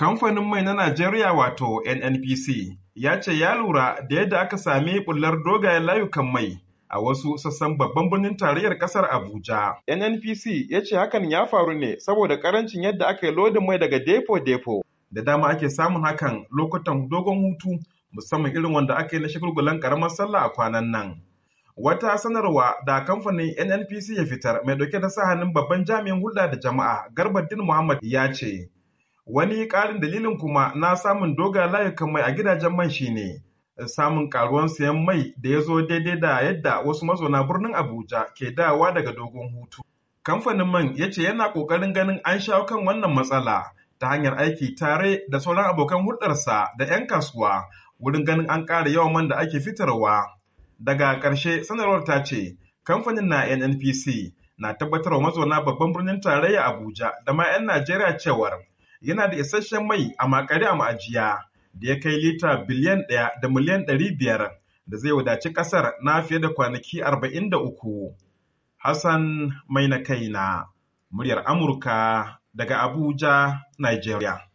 Kamfanin mai na Najeriya wato NNPC ya ce ya lura da yadda aka sami bullar dogayen layukan mai a wasu sassan babban birnin tarayyar kasar Abuja. NNPC ya ce hakan ya faru ne saboda karancin yadda aka yi lodin mai daga depo-depo. Da dama ake samun hakan lokutan dogon hutu musamman irin wanda aka yi na shagulgulan karamar sallah a kwanan nan. Wata sanarwa da kamfanin NNPC ya fitar mai dauke da sahanin babban jami'in hulɗa da jama'a Garbaddin Muhammad ya ce Wani ƙarin dalilin kuma na samun doga layukan mai a gidajen man shi ne eh, samun ƙaruwan sayan mai da ya zo daidai da yadda wasu mazauna birnin Abuja ke dawa daga dogon hutu. Kamfanin man ya ce yana ƙoƙarin ganin an shawo kan wannan matsala ta hanyar aiki tare da sauran abokan hulɗarsa da 'yan kasuwa wurin ganin an ƙara yawan man da ake fitarwa. Daga ƙarshe sanarwar ta ce kamfanin na NNPC na tabbatarwa mazauna babban birnin tarayya Abuja da ma 'yan Najeriya cewar yana da isasshen mai a makare a ma'ajiya da ya kai lita biliyan ɗaya da miliyan ɗari biyar da zai wadaci ƙasar na fiye da kwanaki arba'in da uku. Hassan mai na kaina, muryar Amurka daga Abuja, Nigeria.